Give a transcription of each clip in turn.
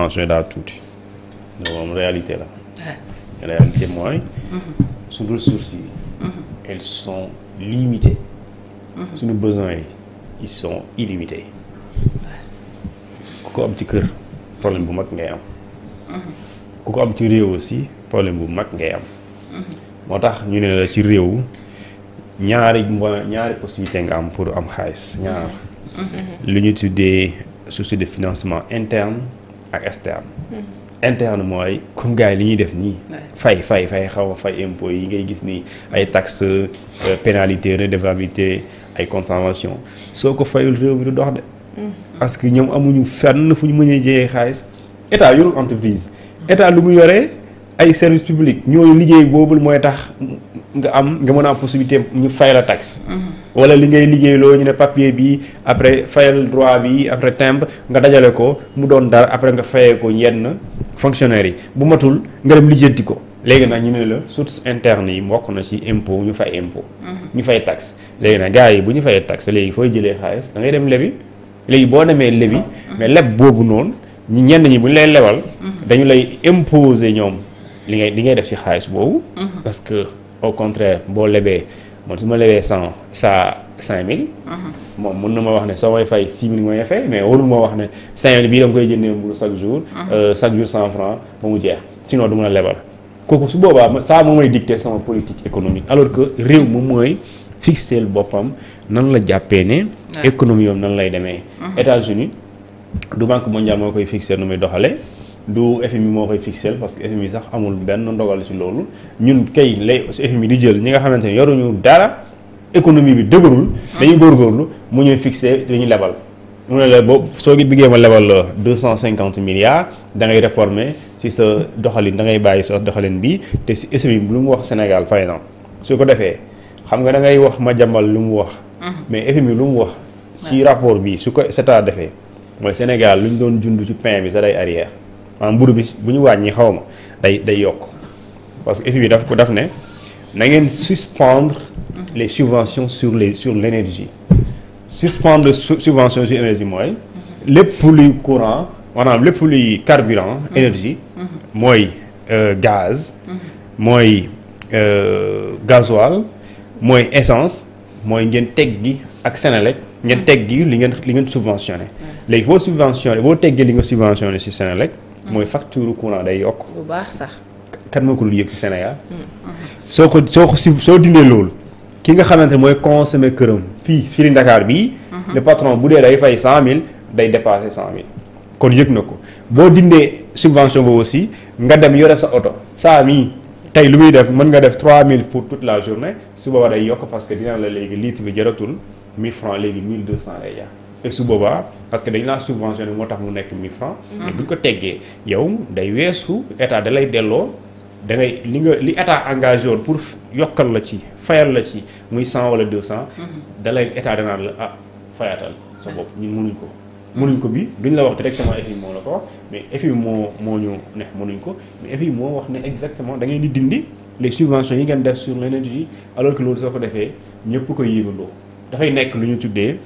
pension daa tuuti loolu la. réalité mooy. Mhm. suñu ressources yi. Mhm. Mhm. suñu besoins yi ils sont illimités. ku ko am ci kër problème bu mag ngay am. ku ko am ci réew aussi problème bu mag ngay am. moo tax ñu ne la ci réew ñaari mbo ñaari possibilité nga am pour am xaalis ñaar. lu ñu tuddee source de financement interne. ak externe. interne mooy comme gars yi li ñuy def nii. fay fay fay xaw a fay impôts yi ngay gis ni ay taxes euh, pénalité redevabilité ay contravention soo ko fayul réew mi du dox de. Mm-hmm. parce que ñoom amuñu fenn fu ñu mënee jëyee xaalis état yorul entreprise état lu mu yoree ay services publics ñoo liggéey boobu mooy tax nga am nga mën a am possibilité ñu fay la taxe. wala li ngay liggéeyloo ñu ne papier bi après fayal droit bi après timbre nga dajale ko mu doon dara après nga fayee ko yenn fonctionnaire yi bu matul nga dem lijjanti ko léegi nag ñu ne la source interne yi bokk na ci impôt ñu fay impôt. ñu fay taxe léegi nag gars yi bu ñu fayee taxe léegi fooy jëlee xaalis da ngay dem lebi léegi boo demee lebi mais leb boobu noonu ñu ñenn ñi bu ñu lay lewal. dañu lay imposer ñoom li ngay li ngay def ci xaalis boobu. Mhm. au contraire boo lebee man su ma lebee cent saa cinq mille. Uh-huh. moom mun na ma wax ne soo may fay six mille may fay mais warul ma wax ne cinq mille bii dama koy jëndee mburu chaque jour. Uh-huh. Euh, chaque jour cent franc ba mu jeex sinon du mën lebal. kooku su boobaa saa moom may dicté sama politique économique alors que réew mu mooy fixeel boppam nan la jàppee ne. économie yoom nan lay demee. Uh-huh. États-Unis du banque mondiale moo koy fixé nu muy doxalee. du FMI moo koy fixel parce que FMI sax amul benn ndogal ci loolu ñun kay lay FMI di jël ñi nga xamante ne yoruñu dara économie bi dëgërul. dañuy góorgóorlu mu ñuy fixé dañuy lebal. mu ne la boobu soo gi biggee ma lebal la deux cent cinquante milliards dangay ngay réformer si sa doxalin da ngay bàyyi soo doxalin bi te si FMI bi lu mu wax Sénégal fay na su ko defee xam nga da ngay wax ma jàmbal lu mu wax. mais FMI lu mu wax. si rapport bi su ko état defee mooy Sénégal lu ñu doon jund ci pain bi sa day arrière. maanaam mburu bi bu ñu wàññi xaw ma day day yokk parce que FMI bi daf ko daf ne na ngeen suspendre les subventions sur les sur l' énergie suspendre subvention sur énergie mooy lépp luy courant maanaam lépp luy carburant mhm. énergie mhm. mooy euh, gaz mhm. mooy euh, gasoil mooy essence mooy ngeen teg gi ak Senelec ngeen teg gi li ngeen li ngeen subventionné léegi boo subventionné boo teggee li nga subventionné si Senelec mooy facture courant day yokk. bu baax sax. kan moo ko dul yëg ci Sénégal. soo ko soo ko si soo dindee loolu. ki nga xamante ne mooy consommer këram fii fii li Dakar bii. Mhm. le patron bu dee day fay cent mille day dépassé cent mille. kon yëg na ko boo dindee subvention boobu aussi nga dem yore sa oto saa mii tey lu muy def mën nga def 3000 pour toute la journée su boobaa day yokk parce que dina la léegi litre bi jaratul 1000 francs léegi 1200 lay jaar. su boobaa parce que dañ laa subventionné moo tax mu nekk 1000 francs te bu ñu ko teggee yow day weesu état da lay delloo da ngay li nga li état engagé woon pour yokkal la ci fayal la ci muy cent wala 200. cent mhm. lay état danaan la ah fayatal sa bopp ñun mënuñ ko. mënuñ ko bi duñ la wax directement FMI moo la ko mais FMI moo moo ñu ne mënuñ ko mais FMI moo wax ne exactement da ngeen di dindi les subventions yi ngeen def sur l' énergie alors loolu soo ko defee ñëpp ko yëgandoo dafay nekk lu ñu tuddee.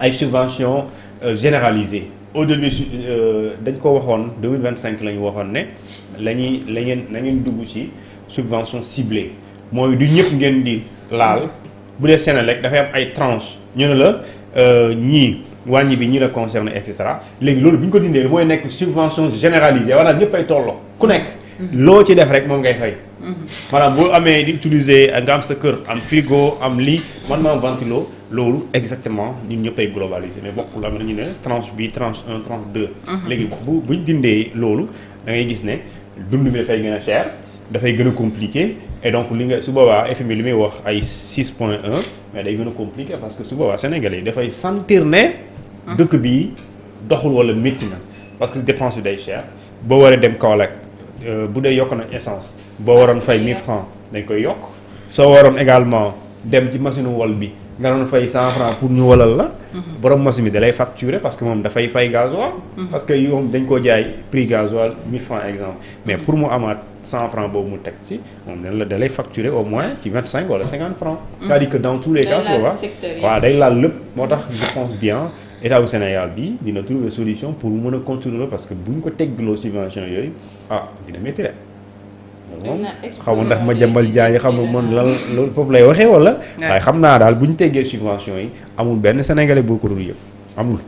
ay subventions euh, généralisées au début euh, dañ ko waxoon 2025 la ñu waxoon ne la ñuy la na ngeen dugg ci subvention ciblée mooy du ñëpp ngeen di laal bu dee Senelec dafay am ay tranches ñu ne la euh, ñii wàññi bi ñii la concerné et cetera léegi loolu bu ñu ko dindee mooy nekk subvention généralisée wala ñëpp ay tolloo ku nekk. Mm-hmm. loo ci def rek moom ngay fay. Mhm. maanaam boo amee di utiliser euh, nga am sa kër am frigo am lii man ma am ventilo loolu exactement ñu ñëpp ay globalisé mais bokkul am na ñu ne tranche bi tranche un tranche deux. Mhm. léegi bu buñ dindee loolu da ngay gis ne dund bi dafay gën a cher dafay gën a compliquer et donc li nga su boobaa FMI li muy wax ay six point 1 mais day gën a compliqué parce que su boobaa Sénégalais dafay sentir ne. Mhm. dëkk bi doxul wala métti na parce que dépense bi day cher boo waree dem Kaolack. Euh, bu dee yokk na essence boo waroon fay 1000 francs dañ koy yokk soo waroon également dem ci machine wol bi nga doon fay 100 francs pour ñu walal la mhm. borom machine bi dalay facturer parce que moom dafay fay gasoil mhm. parce que yoom dañ koo jaay prix gasoil 1000 francs exemple mais mhm. pour mu amaat 100 francs boobu mu teg ci moom dañ la dalay facturer au moins ci 25 cinq 50 francs c'est-à-dire dans tous les cas waaw day laal lépp moo tax je pense état bu Sénégal bi dina trouver solution pour mën a continuer parce que bu ñu ko teggloo subvention yooyu ah dina métti rek. moom xaw ma ndax ma jambal jaay xam nga man lan loolu foofu lay waxee wala. waaye xam naa daal bu ñu teggee subvention yi amul benn sénégalais boo ko dul yëpp amul.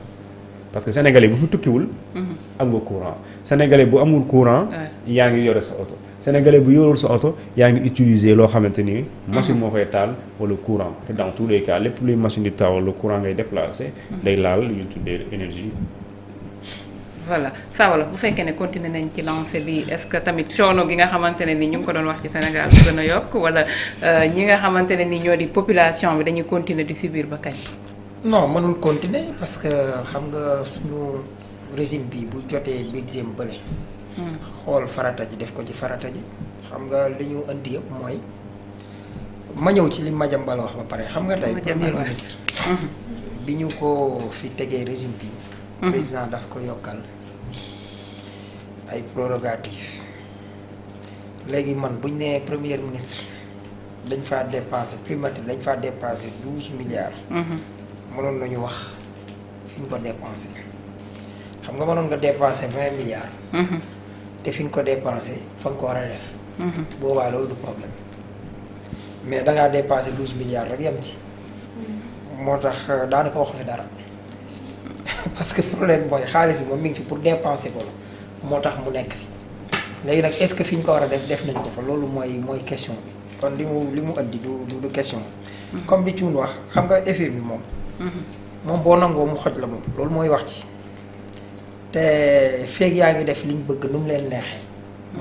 parce que sénégalais bu fi tukkiwul. Mhm. am nga courant sénégalais bu amul courant. yaa ngi yore sa oto. sénégalais bu yorul sa oto yaa ngi utiliser loo xamante ni. Mhm. machine moo koy taal wala courant te dans tous les cas lépp luy machine di taal wala courant ngay déplacé. Mhm. day laal lu ñu tuddee énergie. voilà Sawala bu fekkee ne continué nañ ci lancé bi est-ce que tamit coono gi nga xamante ne nii ñu ngi ko doon wax ci Sénégal bu gën a yokk wala euh, ñi nga xamante ne nii ñoo di population bi dañuy continuer di si biir ba kañ. non mënul continuer parce que xam nga suñu bi bu jotee budget xool farata ji def ko ci farata ji xam nga li ñu indi yëpp mooy ma ñëw ci li Madiambal wax ba pare xam nga tey premier ministre mhm. bi ñu ko fi tegee régime bi mhm. président daf ko yokkal ay prérogatives léegi man buñ ne premier ministre dañ faa dépassé primature dañ faa dépassé douze milliards mhm. mënoon nañu wax fi ñu ko dépensé xam nga mënoon nga dépassé vingt milliards te fi nga ko dépensé fa nga ko war a def. Mhm. boobaa loolu du problème mais dangaa ngaa dépensé douze milliards rek yam ci. Mhm. moo tax euh, daanaka waxu fi dara parce que problème mooy xaalis bi moom mi ngi fi pour dépenser ko moo tax mu nekk fi léegi nag est-ce que fi ko war a def def nañ ko fa loolu mooy mooy question kon li mu li mu andi du du question. Mhm. comme li Thioune wax xam nga effet bi moom. moom boo nangoo mu xoj la moom loolu mooy wax ci. te feeg yaa ngi def liñ bëgg nu mu leen neexee.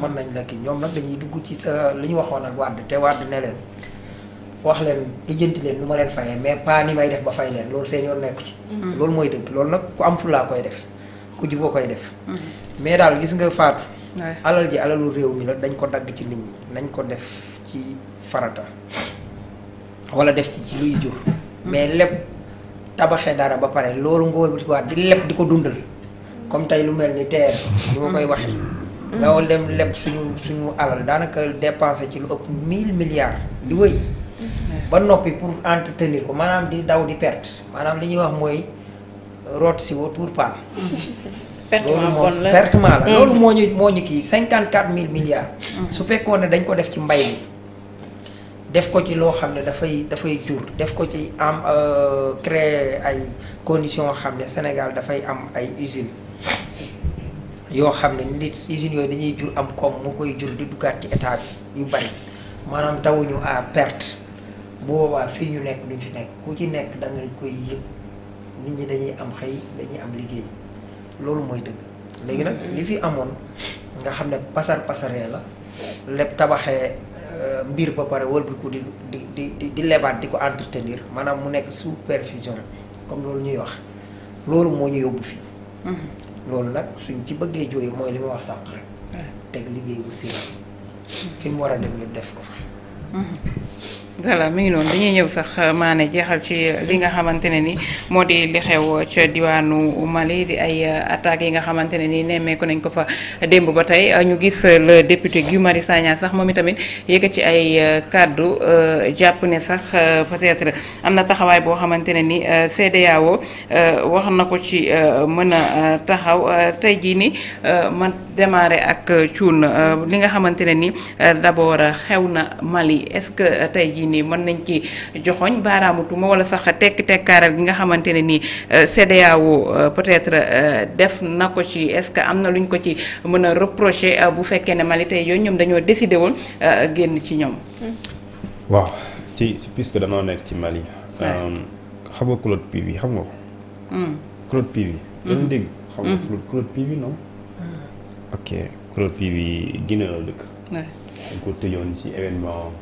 mën nañ la kii ñoom nag dañuy dugg ci sa li ñu waxoon ak wàdd te wàdd ne leen wax leen lijjanti leen nu ma leen fayee mais pas ni may def ba fay leen loolu seen yoon nekku ci. Mm-hmm. loolu mooy dëgg loolu nag ku am fulaa koy def ku juboo koy def. Mm-hmm. mais daal gis nga faatu. alal ji alalu réew mi la dañ ko dagg ci nit ñi nañ ko def ci farata wala def ci luy jur. Mm-hmm. mais lépp tabaxee dara ba pare loolu ngoor nga wëlbatiwaat di lépp di ko dundal. comme tey lu mel ni teer lu ma koy waxee. nga mm. dem leb suñu suñu alal daanaka dépensé ci lu ëpp 1000 milliards di wëy mm. ba noppi pour entretenir ko maanaam di daw di perte maanaam li ñuy wax mooy root si woo tuur paan mm. pertement bon la loolu moo ñu moo ñu kii cinquante quatre mille milliards. su fekkoon ne dañ ko def ci mbay mi def ko ci loo xam ne dafay dafay jur def ko ci am euh, créer ay conditions yoo xam ne Sénégal dafay am ay usines. yoo xam ne nit usines yooyu dañuy jur am koom mu koy jur di duggaat ci état bi yu bari maanaam tawuñu à perte bu boobaa fii ñu nekk duñ fi nekk ku ci nekk da ngay koy yëg nit ñi dañuy am xëy dañuy am liggéey loolu mooy dëgg. léegi nag li fi amoon nga xam ne pasar pasaree la lépp tabaxee euh, mbir ba pare wëlbiku di di di di lebaat di ko entretenir maanaam mu nekk sous perfusion comme loolu ñuy wax loolu moo ñu yóbbu fii. Mm-hmm. loolu nag suñ ci bëggee jógee mooy li ma wax sànq teg liggéey bu siiwal fi mu war a dem ñu def ko fa mm-hmm. voilà mi ngi noonu dañuy ñëw sax maanaam jeexal ci li nga xamante ne ni moo di li xew ca diwaanu Mali di ay uh, attaques yi nga xamante ne ni nemmeeku nañ ko fa démb ba tey uh, ñu gis uh, le député Guy Marius Sagna sax moom itamit yëkkat ci ay kàddu jàpp ne sax peut-être am na taxawaay boo xamante ne ni CEDEAO wax na ko ci mën a taxaw tey jii ni man démarré ak cuun li nga xamante ne ni d'abord xew na Mali est tey jii nii mën nañ ci joxoñ baaraamu tuuma wala sax tekk tekkaaral gi nga xamante ne nii euh, CEDEAO euh, peut-être euh, def na ko ci est-ce que am na luñ ko ci mën a reprocher bu fekkee ne Mali tey yooyu ñoom dañoo décidé woon génn ci ñoom. Hmm. waaw ci puisque dañoo nekk ci Mali. xam nga Claude Pivi xam nga ko. Hmm. Claude Pivi. Hmm. dañu dégg xam nga Claude Claude Pivi non. ok Claude Pivi Guinée la dëkk. dañ ko tëjoon ci événement.